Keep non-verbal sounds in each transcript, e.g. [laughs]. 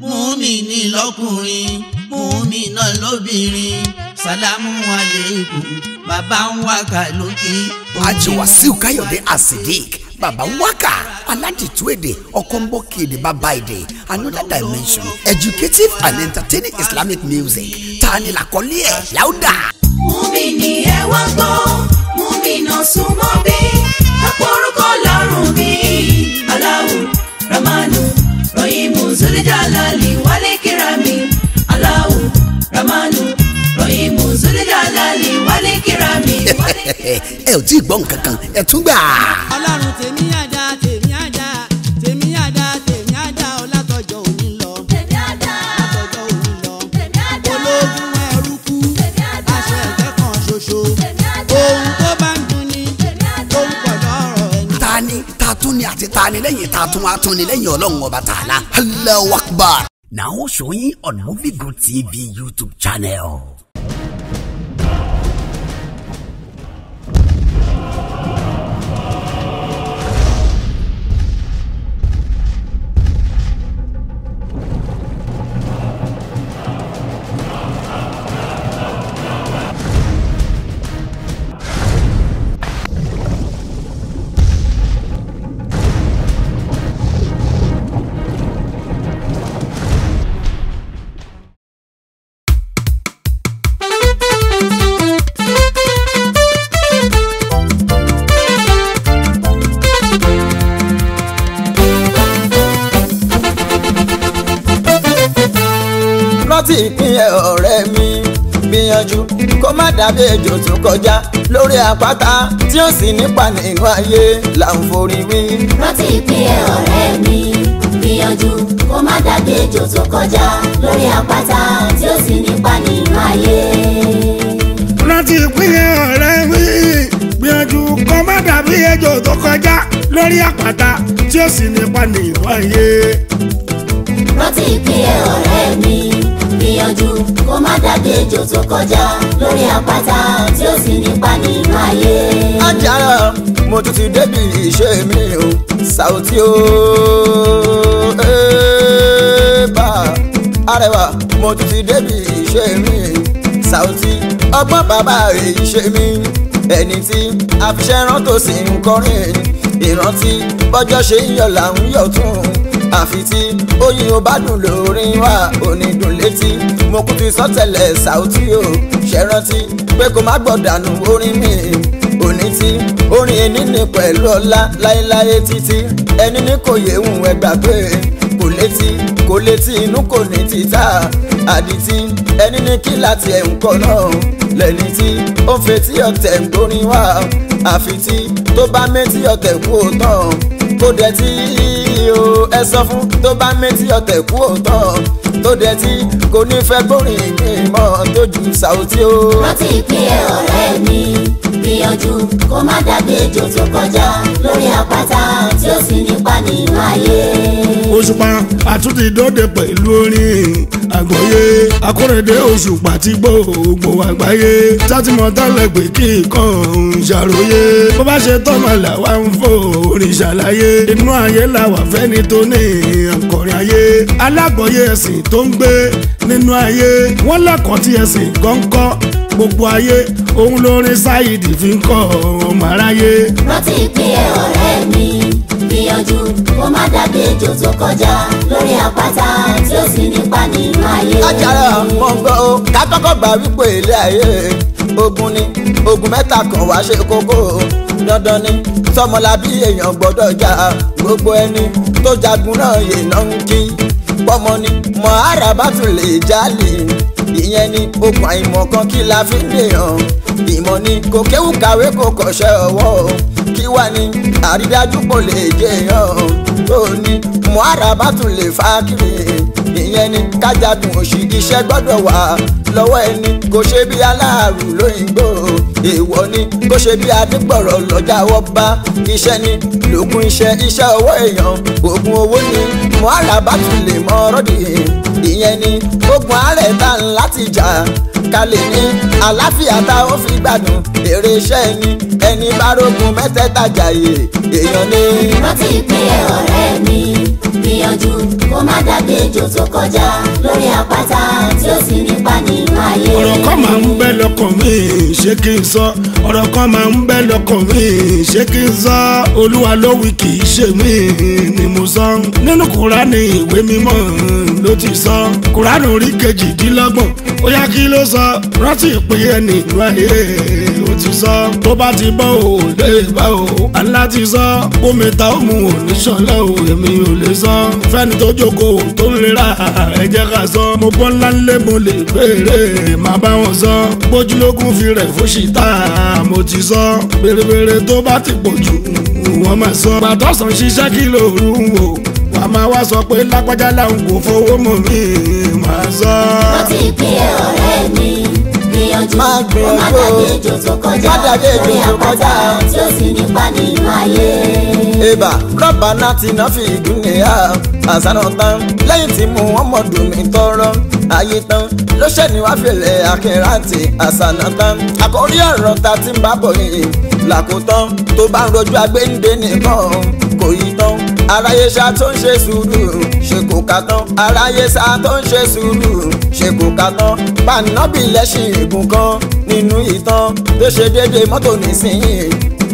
múmìnì lọ́kùnrin múmìnà lóbìnrin sálámù aleikum bàbá ń wákà lókè. àjùwàsíù káyọ̀dé asidik bàbá ń wákà aládìtú èdè ọkọ̀ǹbọ̀kì another dimension educative and entertaining islamic music Tani ni làkọ́lé ẹ̀ láúdà. múmìnì ẹ wá gbọ́ múmìnà súnmọ́ bí kápọ̀ orúkọ lọ́rùn mi aláwọ̀ ramanu. Rohimu Zulijalali wálé kirami Allahu Ramanu Rohimu Zulijalali wálé kirami. [laughs] ẹ ò tí ì gbọ́ nǹkan kan ẹ tún gbà. Ọlọ́run tèmi àjà tèmi. atúni àti tani lẹ́yìn tá a tún wá lẹ́yìn ọlọ́run ọba tààlà Allahu Akbar. Now showing on Movie Good TV YouTube channel. níyànjú kó má dàbí ejò tó kọjá lórí àpáta tí ó sì nípa nínú ayé là ń forí wí. rántí ìpín ẹ ọ̀rẹ́ mi gbìyànjú kó má dàbí ejò tó kọjá lórí àpáta tí ó sì nípa nínú ayé. rántí ìpín ọ̀rẹ́ mi gbìyànjú kó má dàbí ejò tó kọjá lórí àpáta tí ó sì nípa nínú ayé. rántí ìpín ọ̀rẹ́ mi gbìyànjú kó má dàgbé ejò tó kọjá lórí àpáta tí ó sì nípa nínú ayé. ajára mo tún ti débi iṣẹ́ mi o Saoty o bá arẹwà mo tún ti débi iṣẹ́ mi Saoty ọgbọ́n bàbá rẹ̀ iṣẹ́ mi ẹni tí àfiṣẹ́ràn tó sì ń kọrin ìrántí bọ́jọ́ ṣe ń yọ̀ là yọ̀ tún àfi tí oyin ò bá dùn lórin wa onídùn létí mo kún ti sọ́tẹ̀lẹ̀ Saoty o ṣẹ́rántí pé kó má gbọ̀dànù orin mi òní tí orin ẹni ní pẹ̀lú ọlá láéláé títí ẹni ní kò yéhùn ẹgbà pé kò létí kò létí inú kò ní títà àdìtí ẹni ní kí láti ẹ̀ ń kọ́ náà lẹ́ni tí ó ń fetí ọ̀tẹ̀ ń gbórin wá àfi tí tó bá méjì ọ̀tẹ̀ kú ó tán kó dẹ̀ tí ni o ẹ sọ fún tó bá méjì ọ̀tẹ̀ kú òótọ́ tó dẹ̀ tí kò ní fẹ́ gbórin ìgbìmọ̀ tó ju Saoty rántí pé ọ̀rẹ́ mi gbìyànjú kó má dàbí ejò tó kọjá lórí àpáta tí ó sì nípa nínú ayé. Òṣùpá àtúntì dóde pẹ̀lú orin àgbọ́yé akórèdé òṣùpá ti gbogbo àgbáyé sátìmọ̀ tálẹ̀ pé kí nǹkan ń ṣàròyé bó bá ṣe tọ́mọ làwa ń fò orin ṣàlàyé inú ayé làwà fẹ́ni tó ní àkọrin ayé alágbọ̀yé ẹ̀sìn tó ń gbé nínú ayé wọ́n lẹ́kọ̀ọ́ tí ẹ̀sìn gọ́ńkọ́ gbogbo ayé òun lórin Saheed fi ń kọ́ ọmọ aráyé. rántí ìpínlẹ̀ ọ̀rẹ́ mi gbìyànjú kó má dàbí ejò tó kọjá lórí àpáta tí ó sì nípa nínú ayé. ajára mo gbọ́ o ká kọ́kọ́ gbà wípé ilé ayé ogun ni ogun mẹ́ta kan wá ṣe kókó dandan ni tọmọlábí èèyàn gbọ́dọ̀ jà gbogbo ẹni tó jagun náà yéèyàn ń kí pọ́mọ ni mọ àràbà tún lè jálè ìyẹn ni okùn àìmọ̀ kan kí la fi ń dèèyàn ìmọ̀ ni kò kéwù kàwé kò kọ̀ṣẹ́ ọwọ́ kí wá ní àrídájú kò lè jẹ hàn ó ní muhara bá tún lè fa kiri ìyẹn ni kájàdùn òṣì iṣẹ́ gbọ́dọ̀ wà lọ́wọ́ ẹni kò ṣe bí aláàrù lóyìnbó èèwọ̀ ni kò ṣe bí adégbọ̀rọ̀ lọ́jà wọ́pá iṣẹ́ ni lókun iṣẹ́ iṣẹ́ ọwọ́ èèyàn oògùn owó ni muhara bá tún lè mọ ọ̀rọ̀ ìyẹn ni ogun ààrẹ tá láti jà ká lè ní àlàáfíà ó fi gbádùn èrè iṣẹ́ ni ẹni bá rógun mẹ́tẹ́ẹ̀ta jàyè èèyàn ní. rántí pé ọ̀rẹ́ mi gbìyànjú kó má dàgbé ejò tó kọjá lórí àpáta tí ó sì nípa nínú ayé. ọ̀rọ̀ kan máa ń bẹ́ lọ́kàn mi ṣé kí n sọ ọ̀rọ̀ kan máa ń bẹ́ lọ́kàn mi ṣé kí n sọ olúwa ló wí kì í ṣe mí ni mo sọ nínú kúránì ìwé mímọ́ ló ti sọ kúránì orí kejìdínlọ́gbọ̀n ó yá kí ló sọ rántí pé ẹni ìlú ayé láti sọ tó bá ti bọ́ ò lè bá ò á láti sọ bómi ta ó mu ò ní sọlẹ̀ ò èmi ò lè sọ fẹ́ni tó jókòó tó ń lera ẹ ká sọ mo bọ́ ńlá ńlẹ́ mo lè béèrè má bá wọn sọ bójúlógún fi rẹ̀ fún ṣìtá mo ti sọ bèrèbèrè tó bá ti pọ̀ jù wọ́n máa sọ gbàdọ́sàn ṣiṣẹ́ kí lóru ń wò wà máa wá sọ pé lápájá làwọn kò fowó mọ̀ mí máa sọ. wọ́n ti pín ọ̀rẹ́ mi má gbìn ẹjọ́ e má dàbí èjò tó kọjá tí ó sì nípa nínú ayé. Eba rọ́bà náà ti náà fi ìdúnnè á àṣàrò tán lẹ́yìn tí mo wọ́n mọ̀ dùn mí tọrọ ayé tán ló ṣẹ̀ni wá fèlè akẹ́rántì àṣànà tán àkórí ọ̀rọ̀ ta ti ń bá bọ̀ yìí làkótán tó bá ń rojú agbẹ́ǹde nìkan kò yí tán aráyé ṣá tó ń ṣe sùúrù ṣe kò kà tán aráyé ṣá tó ń ṣe sùúrù ṣe kò ká tán pàǹdàbí lẹ́sìn ègùn kan nínú ìtàn tó ṣe déédéé mọ́tò nísìnyìí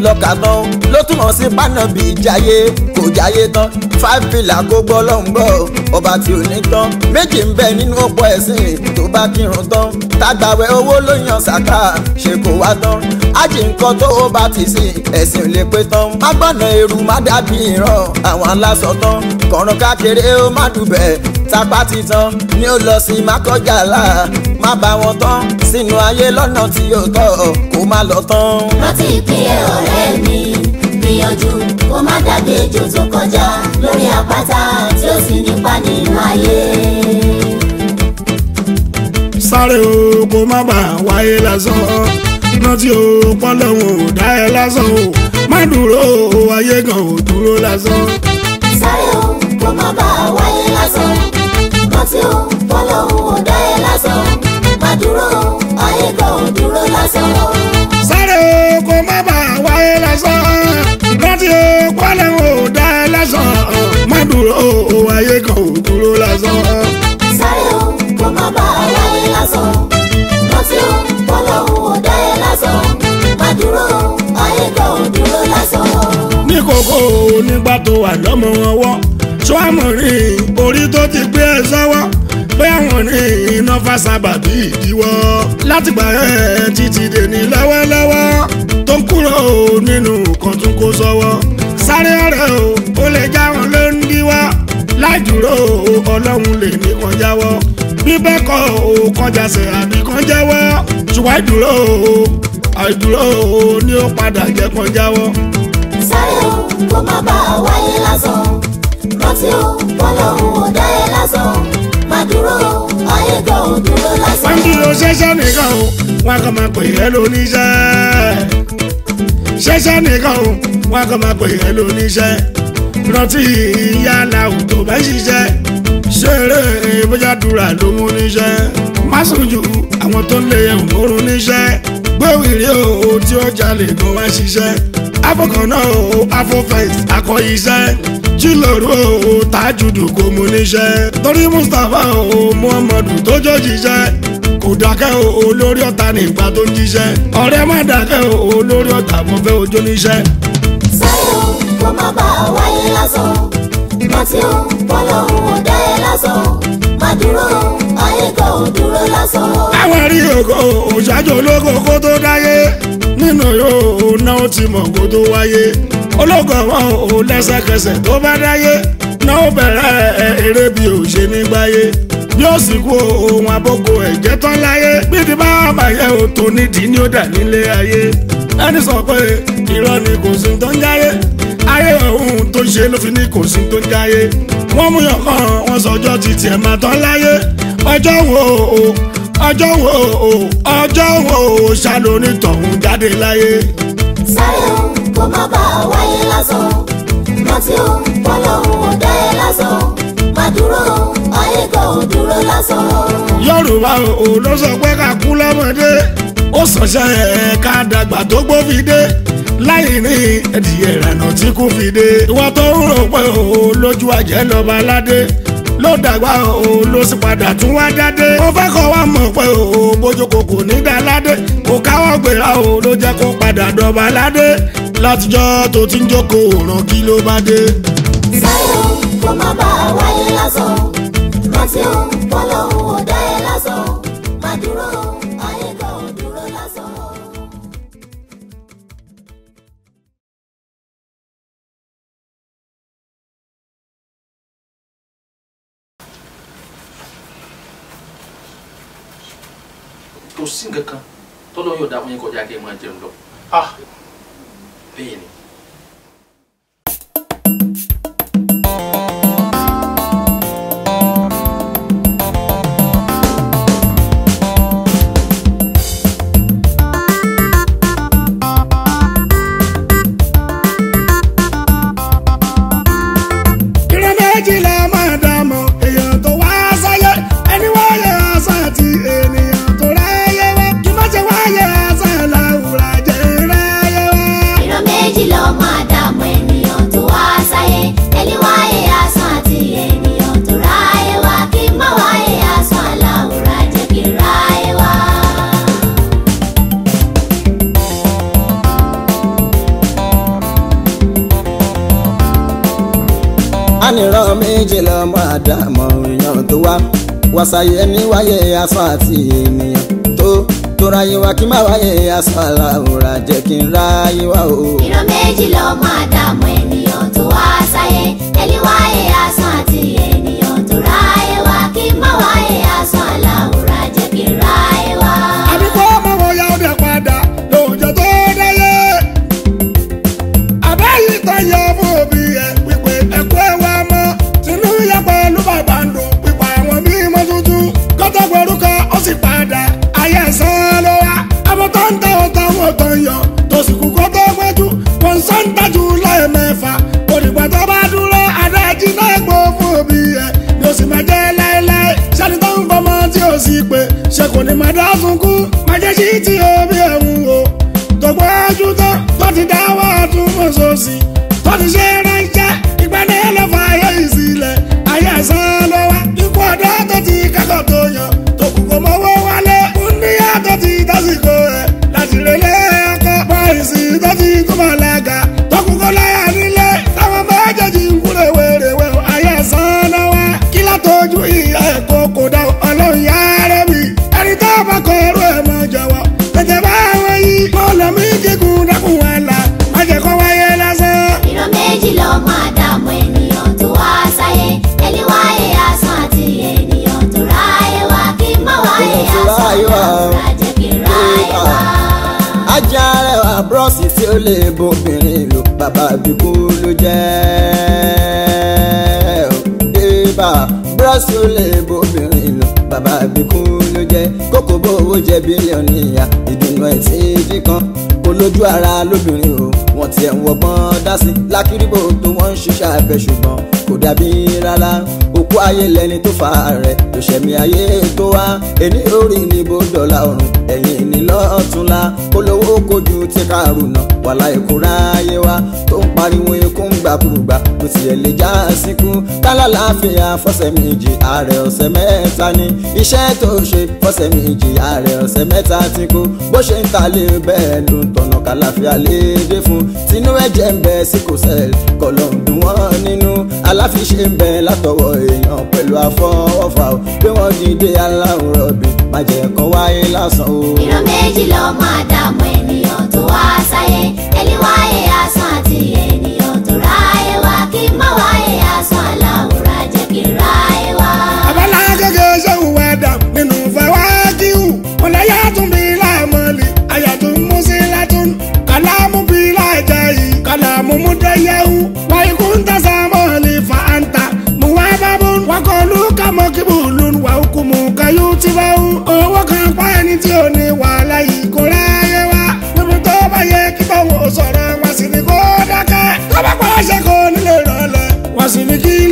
lọ́ka tán ló túmọ̀ sí pàǹdàbí jáyé kò jáyé tán five pillar kó gbọ́ lọ́n gbọ́ ọba tí ò ní tán méjì ń bẹ nínú ọ̀pọ̀ ẹ̀sìn tó bá kírun tán tágbàwẹ̀ owó ló yan sàkà ṣe kò wá tán ájì nǹkan tó o bá ti sìn ẹ̀sìn ò lè pé tán má gbọ́nà èrú má dàbí ìran àwọn aláṣọ tán kọ̀ọ̀ràn kákeré ó má dùbẹ̀ tapá ti tán ni ó lọ sí mákọ́jàlá má bá wọn tán sínú ayé lọ́nà tí yóò tọ́ kó má lọ tán. rántí pé ọ̀rẹ́ mi gbìyànjú kó má dàgbé ejò tó kọjá lórí àpáta tí ó sì nípa nínú ayé. sáré o kó má bà wáyé lásán rántí o pọ́nlọ́hún ò dá ẹ lásán o má dúró o ayé gan ò dúró lásán. sáré o kó má bà wáyé rántí o bọ́lá òun ò ẹ lásán má dúró ayé kan ò dúró lásán o. sáré o kò má bàa wáyé lásán rántí o bọ́lá òun ò dá ẹ lásán má dúró o ayé kan ò dúró lásán. sáré o kò má bàa wáyé lásán rántí o bọ́lá òun ò dá ẹ lásán má dúró ayé kan ò dúró lásán. ní kókó onígbà tó wà lọ́mọ ọwọ́ ṣó àmọ̀rin orí tó ti gbé ẹ sọ́wọ́ pé àwọn ní iná fásábàbí ìdíwọ́ látìgbà ẹ̀ títí dèní lọ́wọ́lọ́wọ́ tó ń kúrò nínú nǹkan tó kó sọ́wọ́ sáré ọ̀rẹ́ o ó lè já wọn ló ń díwọ́ láìdúró ọlọ́run lè ní kan jáwọ́ bí bẹ́ẹ̀ kọ́ ò kọjá sí àbí kan jáwọ́ ṣùgbọ́n ìdúró àìdúró ni ó padà jẹ́ kan jáwọ́. sáré o kó má bàa wáyé lásán rántí o kọ́lọ̀ òun ò dá ẹ lásán má dúró ayé gan ò dúró lásán. wọ́n dúró ṣẹ́ṣẹ́ nìkan o wọ́n kàn máa pè é lóníṣẹ́ ṣẹ́ṣẹ́ nìkan o wọ́n kàn máa pè é lóníṣẹ́ rántí ìyá làwù tó bá ṣiṣẹ́ ṣeré bóyá dúra ló mú níṣẹ́ má sùn jù àwọn tó lè ẹ̀hún lórun níṣẹ́ gbówìrì o tí ó jalè gan wá ṣiṣẹ́ afọkànnà o afọfẹ àkọyíṣẹ́ chiloro o tajudu kò mú níṣẹ́ torí mustapha o muhammadu tó jọ jíṣẹ́ kò dákẹ́ o olórí ọ̀tá nígbà tó jíṣẹ́ ọ̀rẹ́ má dákẹ́ o olórí ọ̀tá mo fẹ́ ojó níṣẹ́. sẹ́yìn kó má bá a wáyé lásán mọ́tí ó bọ́lá òun ò dá lásán má dúró nìkan ò dúró lásán. àwọn rí ògo òṣàjò ológo kó tó dáyé nínú yóò ná ó ti mọ̀ kó tó wáyé ológo wọn ò lẹ́sẹ̀kẹsẹ̀ tó bá dáyé náà ó bẹ̀rẹ̀ eré bí ò ṣe ní gbáyé bí ó sì kú ohun àbókò ẹ̀jẹ̀ tán láyé bí ti bá àbàyẹ òtò nídìí ni ó dà nílé ayé ẹni sọ pé irọ́ ni kò sí tó ń jáyé ayé òun tó ṣe ló fi ní kò sí tó ń jáyé wọ́n mú yàn kàn sọjọ́ ti tiẹ̀ máa tán láyé ọjọ́ wo o ọjọ́ wo o ọjọ́ wo o ṣàlóní tọ̀hún jáde láyé. sáré o kó má bàa wáyé lásán rántí o bọ́lọ́hún ò dá ẹ lásán má dúró ayé kan ò dúró lásán. yorùbá o ló sọ pé ká kú lọ́mọdé ó sọ̀ṣẹ́ ẹ̀ ká dàgbà tó gbófin dé láì ní ẹ̀dìyẹ ìrànà tí kò fi dé. ìwà tó ń rò pé o lójú àjẹ́ lọ́ba aládé ló dàgbà o ló sì padà tún wá jáde. ó fẹ́ kọ́ wa mọ̀ pé o bójú kò kò ní dá ládé. kò káwọ́ gbéra o ló jẹ́ kó padà dọ̀bà ládé. látijọ́ tó ti ń jókòó ràn kí ló bá dé. sáyọ̀ kó má bàa wáyé lásán rántí ó bọ́lá òun ọ̀dá kò sí nǹkan kan tọ́lọ́ yóò dá fún yín kọjá kí ẹ máa jẹun lọ. Ah. bẹ́ẹ̀ ni tó wá wàṣàyẹ mi wáyé aṣọ àti ènìyàn tó tó ráyé wá kí má wáyé aṣọ àlàwòrán jẹ́ kí n ráyé wá o. ìran méjì lọ́mọ àdàmú ènìyàn tó wá sáyé ẹni wáyé aṣọ àti ènìyàn tó ráyé wá kí má wáyé aṣọ àlàwòrán. ozi sí ó lè bóbìnrin lọ bàbá àbíkú ló jẹ́ kókó bówó jẹ́ bílíọ̀nù ìyá ìdùnnú ẹ̀ sí jí kan olójú ara lóbìnrin o wọ́n tiẹ̀ ń wọgbọ́n dá sí lákìrìbò tó wọ́n ń ṣiṣẹ́ abẹ ṣùgbọ́n kò dàbí rárá gbogbo ayé lẹni tó fa rẹ̀ lòṣẹ̀mí ayé tó wá ẹni orí níbo dọ̀là ọ̀run ẹ̀yìn ní lọ́túnla olówó kojú ti kàrùnà wàhálà ìkúra ayé wa tó ń pariwo ikú ń gbàkúrùgbà kò tiẹ̀ lè já síkú tálálàáfíà fọ́sẹ̀ méjì ààrẹ ọ̀sẹ̀ mẹ́ta ni iṣẹ́ tó ṣe fọ́sẹ̀ méjì ààrẹ ọ̀sẹ̀ mẹ́ta ti kú bó ṣe ń talé bẹ́ẹ̀ ló ń tọ̀nà kàlàfíà léde fún tinú ẹ̀jẹ̀ ń bẹ síkò sẹ́ẹ̀lì kọ̀lọ̀ ń nínú aláfiṣe ń bẹ látọwọ́ èyí pààyàn pẹ̀lú àfọwọ́fà o pé wọ́n ti dé aláwọ̀ rọ̀bì má jẹ́ kó wáyé lásán o. ìran méjì ló máa dààmú ènìyàn tó wá sáyé ẹni wáyé asán àti ènìyàn tó ráyé wá kí má wáyé asán aláwòrán jẹ́ kí ráyé wá. abala gẹ́gẹ́ sẹ́wọ̀n wá dà nínú fẹ́wá kíhù ọ̀nà tún bí láàmọ́lì àyà tó ń mú sí látún kàlámù bí láàjà yìí kàlámù mú dẹ́yẹ̀wù. जिंदगी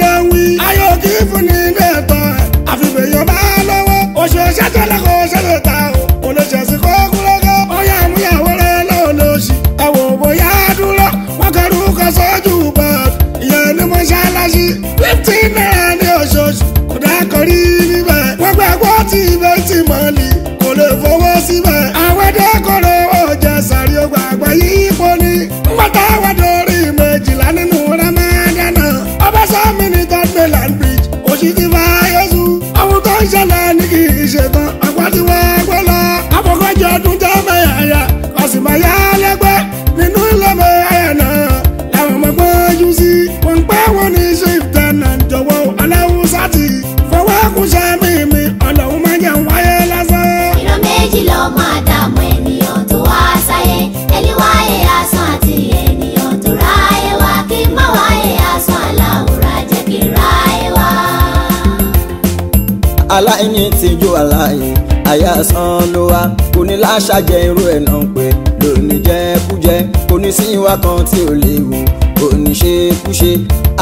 aláìní tìjú aláì àyà san ló wá kò ní láṣà jẹ irú ẹ̀ náà pé lónìí jẹkújẹ kò ní sí ìwà kan tí ò léwu kò ní ṣe kúṣe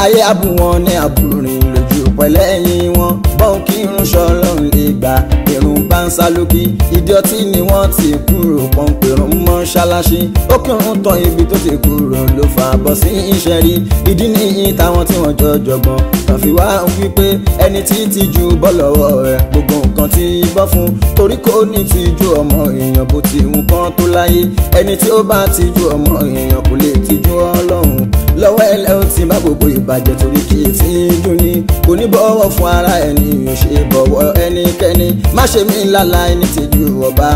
ayé àbù wọn ní àbùrìn lójú pẹ̀lẹ́yìn wọn bọ́n kí irun ṣọlọ́run lè gba irun bá ń sálókì ìdí ọtí ni wọ́n ti kúrò pọ̀npẹ̀rún mọ́ṣáláṣí ó kírun tán ibi tó ti kúrò ló fà bọ́ sí iṣẹ́ rí ìdí nìyí táwọn tí wọ́n jọjọ̀gbọ́n kàn fi wá wípé ẹni tí ti ju bọ́ lọ́wọ́ rẹ̀ gbogbo nǹkan ti bọ́ fún torí kò ní ti ju ọmọ èèyàn bó ti nǹkan tó láyé ẹni tí ó bá ti ju ọmọ èèyàn kò lè ti ju Ọlọ́run lọ́wọ́ ẹlẹ́hùn ti má gbogbo ìbàjẹ́ torí kì í ti dùn ni kò ní bọ̀wọ̀ fún ara ẹni ò ṣe bọ̀wọ̀ ẹnikẹ́ni má ṣe mí lálá ẹni ti ju ọba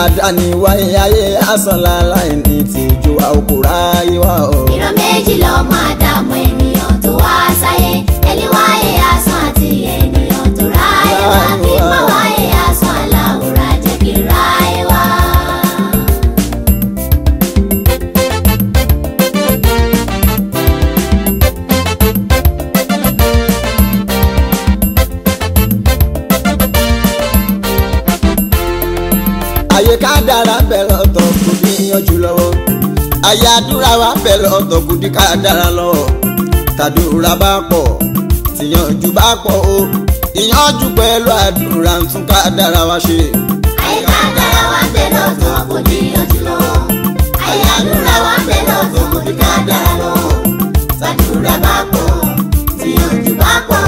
àdániwáyé ayé asán lálá ẹni ti ju àkùrá ayé wa o. ìran méjì lọ́mọ àdàmú ènìyàn tó wá sáyé ẹni wáyé asán àti ẹni. di ká dára lọ tàdúrà bá pọ̀ tìyànjú bá pọ̀ o ìyànjú pẹ̀lú àdúrà ń tún ká dára wa ṣe. àyíká dára wa ń bẹ lọ́tọ̀ kò níyànjú lọ àyà àdúrà wa ń bẹ lọ́tọ̀ kò di ká dára lọ tàdúrà bá pọ̀ tìyànjú bá pọ̀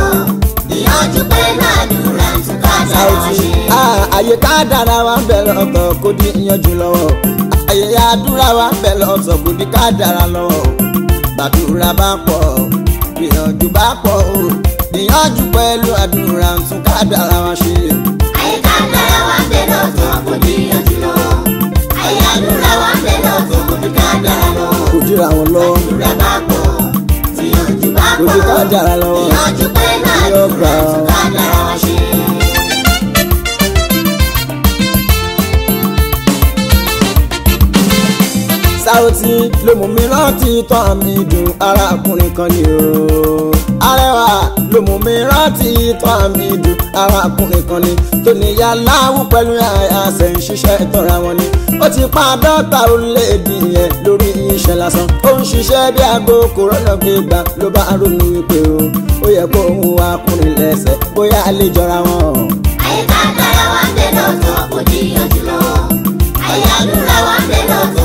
ìyànjú pẹ̀lú àdúrà ń tún ká dára wa ṣe. àyíká dára wa ń bẹ lọ́tọ̀ kò níyànjú lọ àyà àdúrà wa ń bẹ lọ́tọ̀ kò di ká dára lọ gbàdúrà bá pọ̀ gbìyànjú bá pọ̀ o gbìyànjú pẹ̀lú àdúrà ń tún kádàrá wa ṣe. àyè kádàrá wa ń bẹ lọ́tọ̀ kò níyànjú lọ àyè àdúrà wa ń bẹ lọ́tọ̀ kò ní kádàrá lọ. kò jíra wọn lọ. àdúrà bá pọ̀ gbìyànjú bá pọ̀ gbìyànjú pẹ̀lú àdúrà ń tún kádàrá wa ṣe. Saoti ló mú mi rántí tọ́ mi dùn arákùnrin kan ni o. Arẹwà ló mú mi rántí tọ́ mi dùn arákùnrin kan ni. Tó ní yàláwù pẹ̀lú àyàsẹ̀ ń ṣiṣẹ́ tọ́ra wọn ni. Ó ti pa dọ́ta orílẹ̀-èdè yẹn lórí iṣẹ́ lásán. Ó ń ṣiṣẹ́ bí aago kò rọ́nà gbígbà ló bá ronú wípé o. Ó yẹ kó òun wá kùnrin lẹ́sẹ̀ bóyá a lè jọra wọn. Àyíká tara wa ń dé lọ́tọ̀ kò díyanjú lọ. Àyàdúrà wa ń dé lọ́tọ̀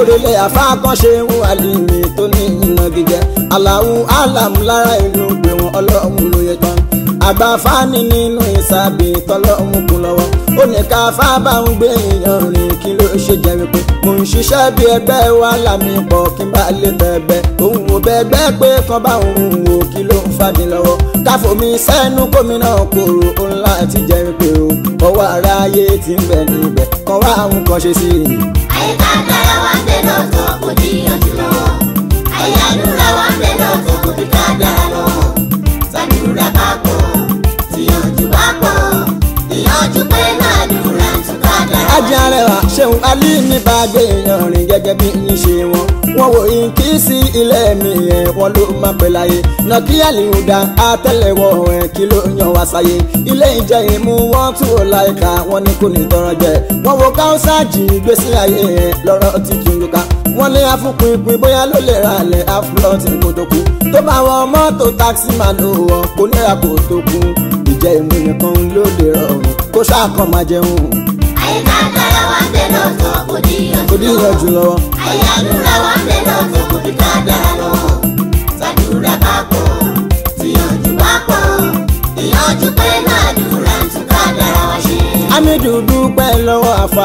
ìrẹ̀lẹ̀ àfáàkànṣe ń wà lèmi tó ní iná gíjẹ aláwù álàmù lára ìlú gbé wọn ọlọ́run ló yẹ tán àgbà fáàní nínú ìsàbí tọ́lọ́run kún lọ́wọ́ ó ní ká fábà ń gbé èèyàn rìn kí ló ṣe jẹ́ wípé mò ń ṣiṣẹ́ bí ẹgbẹ́ wa lámì pọ̀ kí n bá lè bẹ̀bẹ̀ òun ò bẹ̀gbẹ́ pé kan bá òun wò kí ló ń fà mí lọ́wọ́ káfò mi sẹ́nu gómìnà kòrò òun láti jẹ́ wípé o ọwọ́ aráyé ti ń bẹ̀ níbẹ̀ kan wá àwọn kan ṣe sí i. àyíká dára wá ń bẹ lọ́tọ̀ kò níyànjú lọ́wọ́ àyà àdúrà wá ń bẹ lọ́tọ̀ kò ní ká dára lọ́wọ́ sábìrúra bá pọ̀ tíyànjú bá pọ̀ ìyànjú pé lọ́ alájà rẹwà ṣeun alí ní bàgbé èèyàn rìn gẹ́gẹ́ bí yín ṣe wọn. wọn wò yín kí sí ilé mi yẹn wọn ló máa pè láyé. nọkíyà lìhùdà àtẹlẹwọ ẹ kí ló yan wá sáyé. ilé ìjẹ ìmú wọn tún ò láìka wọn ní kò ní tọrọ jẹ. wọn wo káwùsà jì gbèsè ayé yẹn lọ́rọ̀ ti tún lùkà. wọn lé afúnpinpin bóyá ló lè ra àlẹ afúlọ́ọ̀tì kòtòkù. tó bá wọn mọ́tò táksì máa lò wọn kò ní àpò tó kù. ìjẹ ìmú nìkan ló lè rọrùn kó sáà kàn máa jẹun lọ́tọ̀ kò níyànjú lọ. àyàdúrà wà ń bẹ lọ́tọ̀ kò ní ká dára lọ. sàdúrà bá pọ̀ tíyànjú bá pọ̀ ìyànjú pé máa dúrà tún ká dára wá ṣe. Hamidu dúpẹ́ lọ́wọ́ àfà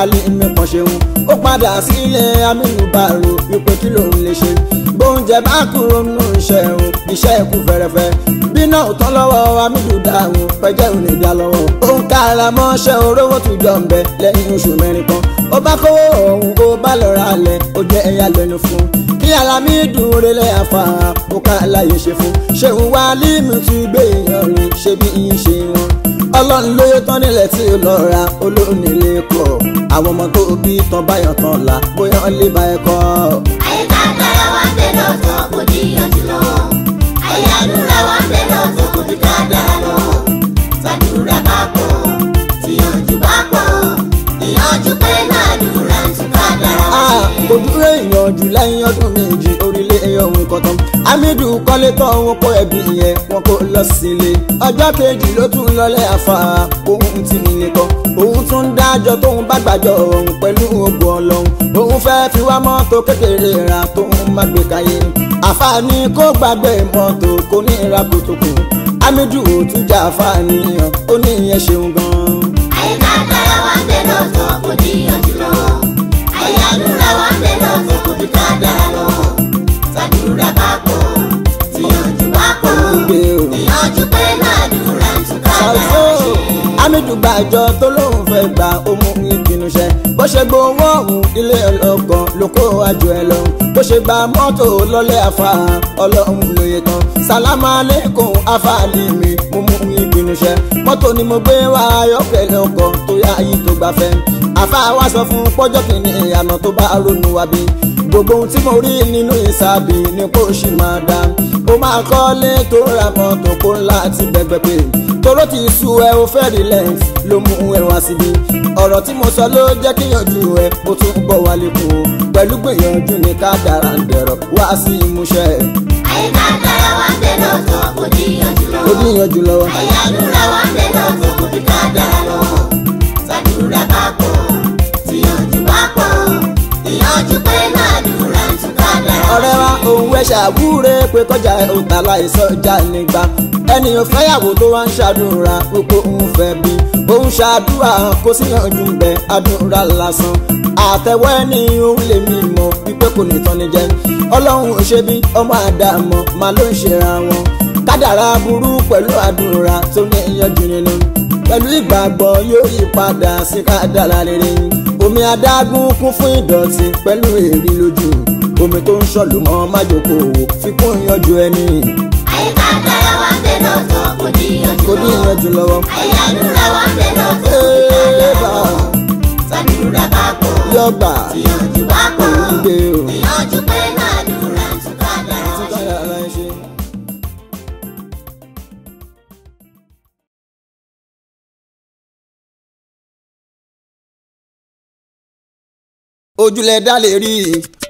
alimi kan ṣeun ó padà sílé Hamidu bàrò wípé kí lòun lè ṣe bóúnjẹ bá kúrò nù iṣẹ́ òun iṣẹ́ ikú fẹ́rẹ́fẹ́ bínú ọ̀tán lọ́wọ́ Hamidu dáhùn pẹ́jẹ́ òun lè dá lọ́wọ́ ó ń kára mọ́ṣẹ́ orówó tó jọ ń bẹ lẹ́yìn oṣù mẹ́rin kan ó bá kówó òun ó bá lọ ra alẹ̀ ó jẹ́ ẹ̀yà lẹ́nu fún kí Alamidu relẹ̀ àfà ó ká láyé ṣe fún ṣéun wá límù ti gbé ìyọrin ṣe bí iye ṣe wọn ọlọ́run lóyè tán nílẹ̀ tí ó lọ ra olónílé kọ̀ àwọn ọmọ tó bí tán báyọ̀ tán là bóyá lè bá ẹ kọ́. àyíká agbára wa ń bẹ lọ́tọ̀ kò níyànjú lọ àyè àdúrà wa ń bẹ lọ́tọ̀ kò ní dáadáa. Hamidu kọ́lé tọ́ wọn kó ẹbí yẹn wọn kó lọ sílé ọjọ́ kejì ló tún lọlé àfa òun ti nílé kọ́ òun tún dájọ́ tóun bá gbàjọ́ òun pẹ̀lú ògùn ọlọ́run òun fẹ́ fi wá mọ́tò kékeré ra tóun má gbé káyé àfa ni kó gbàgbé mọ́tò kó ní ra kòtòkò Hamidu ò jà àfa nìyàn ó ní ṣeun gan. àyíká dára wá gbé lọ́tọ̀ kò díyànjú lọ àyíká dúró wá gbé lọ́tọ̀ kò gbé o. ìyànjú pé màdùrà tún bá bá ṣe. Hamidu gbàjọ tó lóun fẹ́ gba ọmọ ìpinnu ṣẹ bó ṣe gbowó ọ̀hún ilé ọlọ́gbọ̀n ló kó àjò ẹ lọ bó ṣe gba mọ́tò lọ́lẹ́ àfa ọlọ́run lóye tán sàlámà lẹ́kùn afáàlì mi mo mú ìpinnu ṣẹ mọ́tò ni mo gbé wá ayọ́kẹ́lẹ́ ọkọ̀ tó yá yìí tó gbafẹ́ àfa wa sọ fún pọ́jọ́ kìíní àná tó bá ronú wa bí gbogbo ohun tí mo rí nínú ìsàbí ni kò sì máa dá ó máa kọ́lé tó ra mọ́tò kó ńlá ti bẹ̀gbẹ̀ pé toró ti sú ẹ o fẹ́ relax ló mú ẹ wá síbi ọ̀rọ̀ tí mo sọ ló jẹ́ kíyànjú ẹ ó tún bọ̀ wá lẹ́kọ̀ọ́ pẹ̀lú gbìyànjú ní kádàrá ń dẹ̀rọ̀ wá sí ìmúṣẹ. àyíká dára wá ń bẹ lọ́tọ̀ kò níyànjú lọ́wọ́ àyàdúrà wá ń bẹ lọ́tọ̀ kò ní kádàrá lọ́wọ́ àdúrà bá pọ̀ tíyànjú bá pọ̀ ìyànjú pé màdúrà ń tún kádàrá. ọ̀rẹ́ wa òun ẹ̀ṣẹ̀ àwúre pé kọjá òǹtà láìsọjà nígbà ènìyàn fẹ́yàwó tó wá ń ṣàdúrà gbogbo òun fẹ́ bí òun ṣàdúrà kó síyànjú ń bẹ àdúrà lásán àtẹ̀wọ́ ẹni òun lè mí mọ̀ wípé kò ní tán ní jẹ́ ọlọ́run ò ṣe bí ọmọ àdàmọ̀ máa ló ń ṣera wọn kádàrá burú pẹ̀lú àdúrà tó ní ìyànjú nínú pẹ̀lú ìgbàgbọ́ yóò yí padà sí kádàrá rere omi adágún kún fún ìdọ̀tí pẹ̀lú èrí lójú omi tó ń ṣọ̀lù mọ́ májòkó fi kún ìyanjú ẹni. àyíká dára wá bẹ́ẹ̀ lọ́tọ̀ kò ní ìyanjú lọ́wọ́ kò ní ìyanjú lọ́wọ́ àyíká dúró wá kò ní ìyanjú lọ́wọ́ tàbí rúdà bá kó yọgbà ìyanjú bá kó ìyanjú pẹ̀lú. ojúlẹ̀ dá lè rí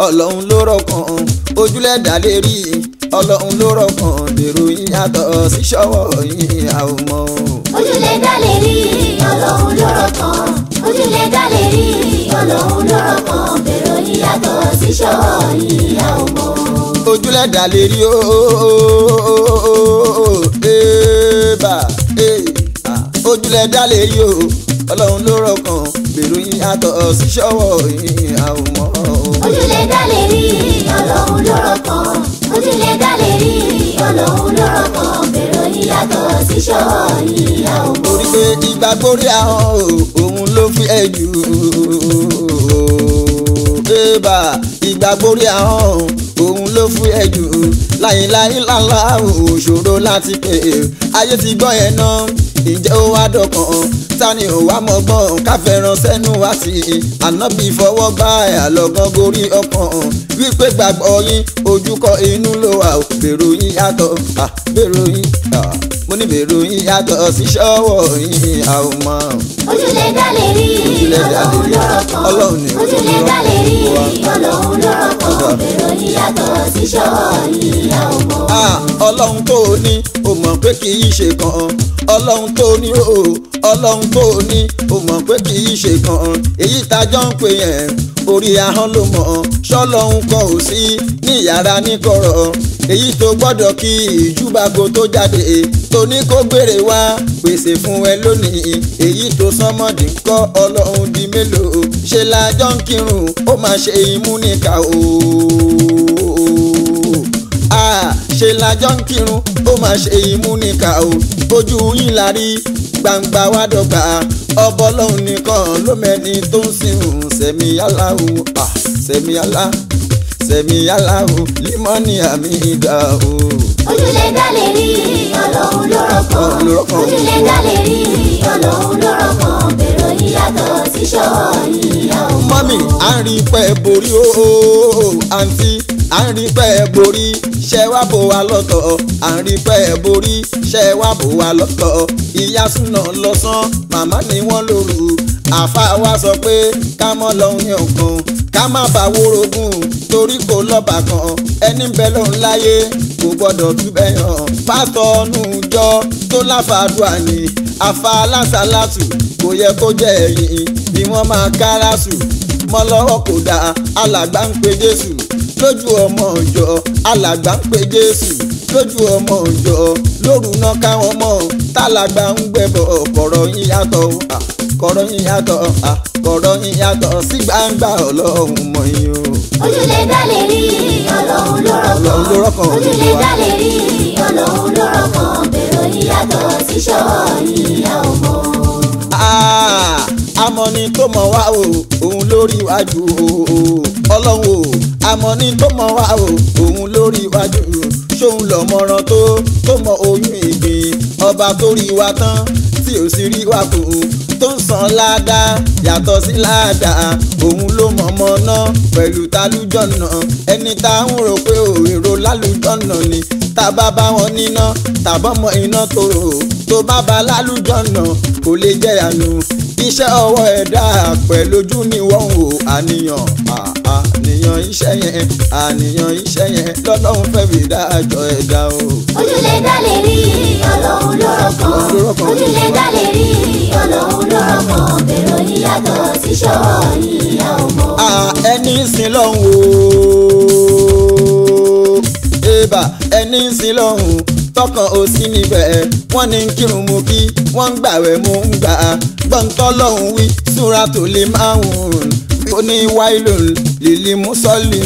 ọlọ́run ló rọkàn ojúlẹ̀ dá lè rí ọlọ́run ló rọkàn dèrò ìyàtọ̀ sí ṣọ́wọ́ yìí a ò mọ̀ o. ojúlẹ̀ dá lè rí ọlọ́run ló rọkàn ojúlẹ̀ dá lè rí ọlọ́run ló rọkàn dèrò ìyàtọ̀ sí ṣọ́wọ́ yìí a ò mọ̀ o. ojúlẹ̀ dá lè rí o ojúlẹ̀ dá lè rí o ọlọ́run ló rọkàn gbèrú yín àtọ̀ sí ṣọ́wọ́ yín àwòmọ́. ojúlé dá lè rí ọlọ́run ló rọkàn ojúlé dá lè rí ọlọ́run ló rọkàn gbèrú yín àtọ̀ sí ṣọ́wọ́ yín àwòmọ́. torí pé ìgbàgbórí àwọn òun ló fi ẹ jù bébà ìgbàgbórí àwọn òun ló fún ẹ jù láyìnláyìn lálá òṣòro láti pè é ayé ti gbọ́ yẹn náà ìjẹ́ ó wá dọ̀kan tani ò wá mọ̀gbọ́n káfẹ́ràn sẹ́nu àti ànábì fọwọ́ bá ẹ̀ àlọ́gán gorí ọkàn wípé gbàgbọ́ yín ojúkọ inú ló wà bèrò yín àtọ̀ bèrò yín mo ní bẹ̀rù yín yàtọ̀ sí ṣọ́wọ́ yín a ò mọ̀. ojúlé dalè rí ọlọ́run lọ́rọ̀ kan ọlọ́run ní ojúlé dalè rí ọlọ́run lọ́rọ̀ kan bẹ̀rù yín yàtọ̀ sí ṣọ́wọ́ yín a ò mọ̀. ọlọ́run tó o ní o mọ̀ pé kì í ṣe kan ọlọ́run tó o ní o ọlọ́run tó o ní o mọ̀ pé kì í ṣe kan èyí tá a jọ ń pè yẹn orí ahọ́n ló mọ̀ ṣọ́lọ́hún kan ò sí ní yàrá níkọ̀rọ̀ èyí tó gbọ́dọ̀ kí ìjúbago tó jáde tó tó ní kó gbèrè wá pèsè fún ẹ lónìí èyí tó sọmọdì ń kọ́ ọlọ́run di mélòó ṣe lájọ́ ń kírun ó máa ṣe ìmúnika ooo ṣe lájọ́ ń kírun ó máa ṣe ìmúnika o ojú yín la rí gbangba wá dọ̀gba ọbọ̀ ọlọ́run nìkan ló mẹ́ni tó ń sìn sẹ̀míyálà o sẹ̀míyálà sẹ̀mí aláwo límọ́nì àmì ìgbà o. ojúlé dálé rí ọlọ́run lórọ́kọ̀ ojúlé dálé rí ọlọ́run lórọ́kọ̀ bèrò ìyàtọ̀ sí ṣọ́ọ̀rì ìyàwó. mọ́mì à ń rí pẹ́ borí o àǹtí à ń rí pẹ́ borí ṣẹ́ wá bò wá lọ́tọ̀ à ń rí pẹ́ borí ṣẹ́ wá bò wá lọ́tọ̀ ìyá súná lọ́sàn màmá ni wọ́n lóru àfa wa sọ pé ká mọ́ lọ́hún yẹn ògùn ká má bá wórogún torí kò lọ́ba kan ẹni ń bẹ lọ́hún láyé kò gbọ́dọ̀ dúbẹ̀ yàn pásítọ̀ ọ̀nù jọ tó láfàdúrà ni àfa lásàlátù kò yẹ kó jẹ́ ẹ̀yìn bí wọ́n máa kárasù mọ́ lọ́wọ́ kò dáa alàgbà ń pe Jésù lójú ọmọ ọjọ́ alàgbà ń pe Jésù lójú ọmọ ọjọ́ lóru káwọn mọ̀ tálàgbà ń gbẹ̀bọ̀ ọ̀kọ̀rọ̀ yín yàtọ̀ kọ̀rọ̀ yín yàtọ̀ kọ̀rọ̀ yín yàtọ̀ sí gbangba ọlọ́run mọ̀ yín o. ojúlé dálé rí ọlọ́run lọ́rọ̀ kan ojúlé dálé rí ọlọ́run lọ́rọ̀ kan bẹ̀rẹ̀ yín sí ṣọ́ọ̀yì ìyá amọ̀ni ah, tó mọ̀ wá o òun lórí iwájú o ọlọ́run o amọ̀ni tó mọ̀ wá o òun lórí iwájú ṣóun lọ́mọràn tó tó mọ oyún ìgbín ọba tó rí wa tán tí ò sì rí wa kù tó ń san ládàá yàtọ̀ sí ládàá òun ló mọ̀mọ́ náà pẹ̀lú talújọ̀nà ẹni tá ń rò pé òrèrò lálùjọ̀nà ni tá bá bá wọn níná tàbọ́mọ iná tó rò tó bá bá lálùjọ̀nà kò lè jẹ́ àánú iṣẹ́ ọwọ́ ẹ̀dá pẹ̀lú ojú ni wọ́n ń wò àníyàn àníyàn iṣẹ́ yẹn àníyàn iṣẹ́ yẹn lọ́lọ́run fẹ́ fi dá àjọ ẹ̀dá o. ojúlé dá lè rí ọlọ́run lọ́rọ̀ kan ojúlé dá lè rí ọlọ́run lọ́rọ̀ kan bẹ̀rẹ̀ oníyàtọ̀ sí ṣọ́ọ̀rì ìyá ọmọ. ẹni sin lọ́hùn o ebà ẹni sin lọ́hùn tọkàn ò sí níbẹ̀ wọ́n ní kírun mú kí wọ́n gbàwẹ̀ mú gbà gbọ́ntọ́ lọ́hùn wí súra tó lè máa hùn tó ní wáìlùn lílì mùsọ̀lì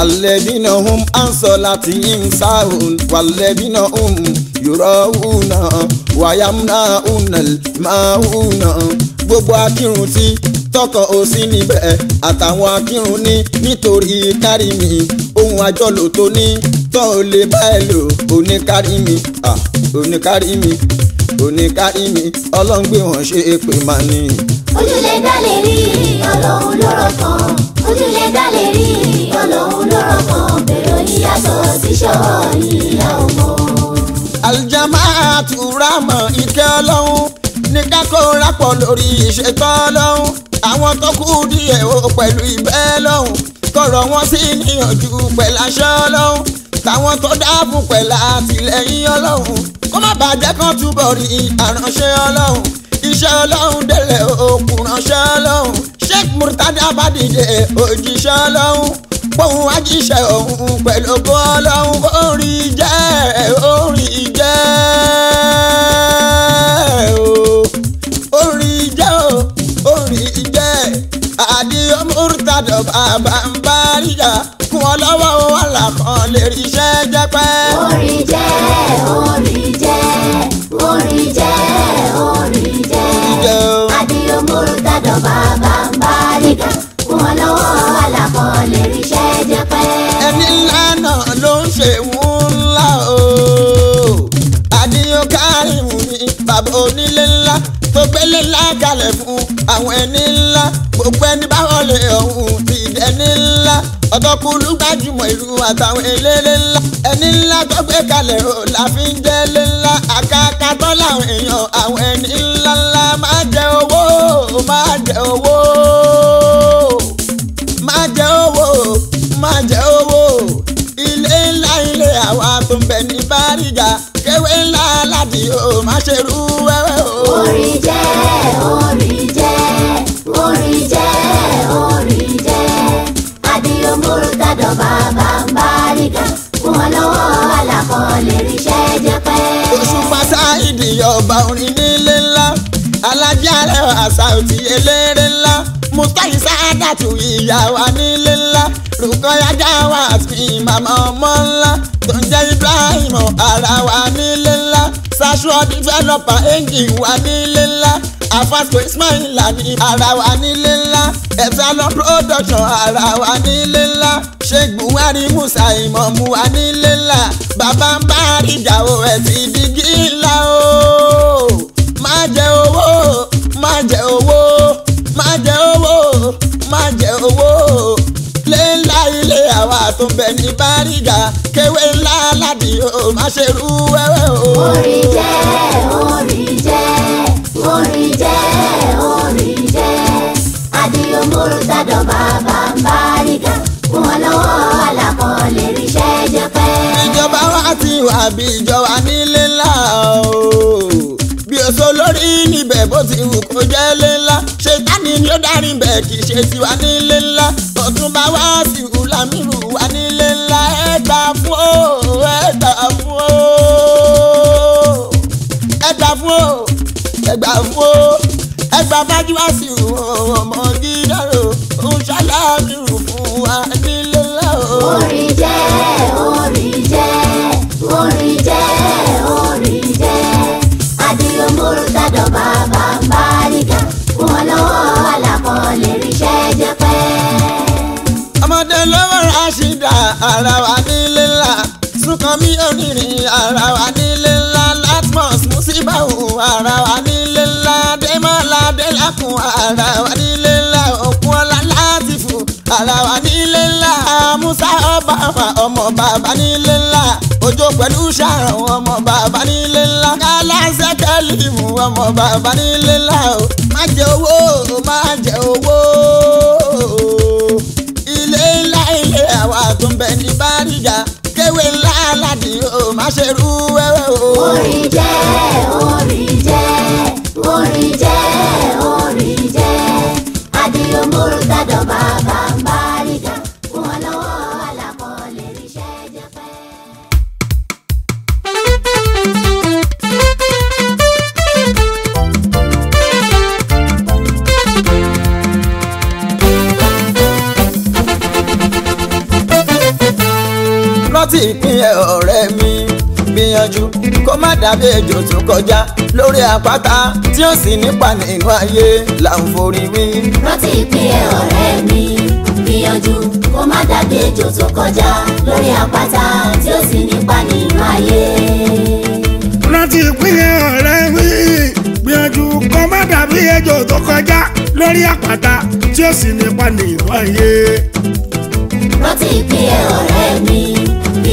alẹ́bínà hum ansọ̀ láti yín sáhùn wàlẹ́bínà hum yòrọ̀hùnà wàyámúnà hùnà máhùnà gbogbo akírun tí tọkàn ó sí níbẹ̀ àtàwọn akírun ní nítorí kárí mi ohun àjọlò tó ní tọ́ lè bá ẹ lò oníkárí mi oníkárí mi ọlọ́run gbé wọn ṣe é pè máa ní. ojúlé dá lè rí ọlọ́run lọ́rọ̀ kan ojúlé dá lè rí ọlọ́run lọ́rọ̀ kan bèrè oníyàtọ̀ síṣọ́ ìyá ọmọ. alijama turama ike ọlọ́run ní kákó rápọ̀ lórí ìṣètọ́ ọlọ́run àwọn tó kù díẹ̀ o pẹ̀lú ìbẹ́ lọ́hùn kọ̀rọ̀ wọn sí níyànjú pẹ̀láṣẹ́ ọlọ́run táwọn tó dáàbùn pẹ̀lú àtìlẹ́yìn ọlọ́run kó má bàjẹ́ kan túbọ̀ rí àránṣẹ́ ọlọ́run iṣẹ́ ọlọ́run délẹ̀ òkun ránṣẹ́ ọlọ́run Sheikh Murtada Badije òjíṣẹ́ ọlọ́run pòun ajíṣẹ́ òun pẹ̀lú ògo ọlọ́run ó rí jẹ́ ó rí jẹ́ ó rí jẹ́ ó rí jẹ́ àdìyọ Murtada bàbá ń bá ríjà kún ọ lọ́wọ́ wàlàkọ́ lè ríṣẹ́ jẹ́ pẹ́. orí jẹ́ orí jẹ́ orí jẹ́ orí jẹ́ adéyomoro tàdọ̀ bàbá ń bá nìkan fún ọ lọ́wọ́ àlàkọ́ lè ríṣẹ́ jẹ́ pẹ́. ẹni ńlá ló ń ṣe wú ńlá o adéyọkárí mi bàbá onílé ńlá tó gbélé ńlá kalẹ̀ fún àwọn ẹni ńlá gbogbo ẹni bá wọlé ọ̀hún ti dẹni ńlá ọ̀dọ́kùlú gbajúmọ̀ ìlú àtàwọn eléré ńlá ẹni ńlá tó gbé kalẹ̀ o la fi ń jẹ́lé ńlá àkàkà tọ́ làwọn èèyàn àwọn ẹni ńlá ńlá máa jẹ owó máa jẹ owó máa jẹ owó máa jẹ owó ilé ńlá ilé àwa tó ní báríga kéwé ńlá aládìí o má ọba orin nílé ńlá alájà Arewa Saoty eléré ńlá Mutai Saadatu ìyá wa nílé ńlá Rukaya Gawat mi màmá ọmọ ńlá tó ń jẹ́ Ibrahim ara wa nílé ńlá Sasuo developer engine wa nílé ńlá àfàsùkò ismail làbí ara wa nílé ńlá ẹ̀fẹ́lọ́ production ara wa nílé ńlá ṣé buhari musa ìmọ̀mù wa nílé ńlá bàbá ń bá àríjà o ẹ̀ ti di gíńlá o má jẹ owó má jẹ owó má jẹ owó má jẹ owó lé ilé àwa tó ní báríga kéwé ńlá aládìí o má ṣe rú wẹ́wẹ́ o. orí jẹ́ orí jẹ́ orin jẹ́ orin jẹ́ Àdìó Múrùtádọ̀ bàbá ń bá ríga fún wọn lọ́wọ́ alákọ̀ọ́lẹ̀ ríṣẹ́ jẹ́ pẹ́. ìjọba wa ti wà bí ìjọba nílé ńlá o bí oṣó lórí níbẹ̀ bó ti wù kó jẹ́ lé ńlá ṣètánì ni ó darí bẹ̀ kì í ṣe tiwa nílé ńlá ọ̀túnba wa sì wù lámìrù wa ní. aṣáájú àṣìrò ọmọ dídárò ń ṣàlàyé fún wa nílé lọ́wọ́. orin jẹ́ orin jẹ́ orin jẹ́ orin jẹ́ adìyẹ mòrò tàdọ̀ bàbá ń bá nìkà fún ọ lọ́wọ́ alákọ̀ọ́lẹ̀ ríṣẹ́ jẹ́ pẹ́. ọmọdé lọ́wọ́ rashida ara wa nílé la súnkànmí onírin ara wa nílé. dákun ara wa nílé ńlá òkun ọlá láti fún ara wa nílé ńlá musa ọba wa ọmọ bàbá nílé ńlá òjò pẹ̀lú ṣàràn ọmọ bàbá nílé ńlá kálásẹ̀ kẹ́lìmù ọmọ bàbá nílé ńlá o má jẹ owó o má jẹ owó ilé ńlá ilé àwa àtúnbẹ̀ ní bá rí ga kéwé ńlá aládìí o má ṣe rú wẹ́wẹ́ o. orin jẹ́ orin jẹ́ orin. dàbí ejò tó kọjá lórí àpáta tí ó sì nípa nínú ayé là ń forí wí. rántí ìpín ẹ ọ̀rẹ́ mi gbìyànjú kó má dàbí ejò tó kọjá lórí àpáta tí ó sì nípa nínú ayé. rántí ìpín ẹ ọ̀rẹ́ mi gbìyànjú kó má dàbí ejò tó kọjá lórí àpáta tí ó sì nípa nínú ayé. rántí ìpín ọ̀rẹ́ mi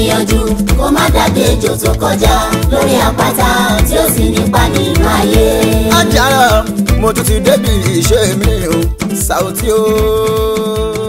gbìyànjú kó má dàbí ejò tó kọjá lórí àpáta tí ó sì nípa nínú ayé. Àjàrà mo tún ti débi iṣẹ́ mi o Saoty o.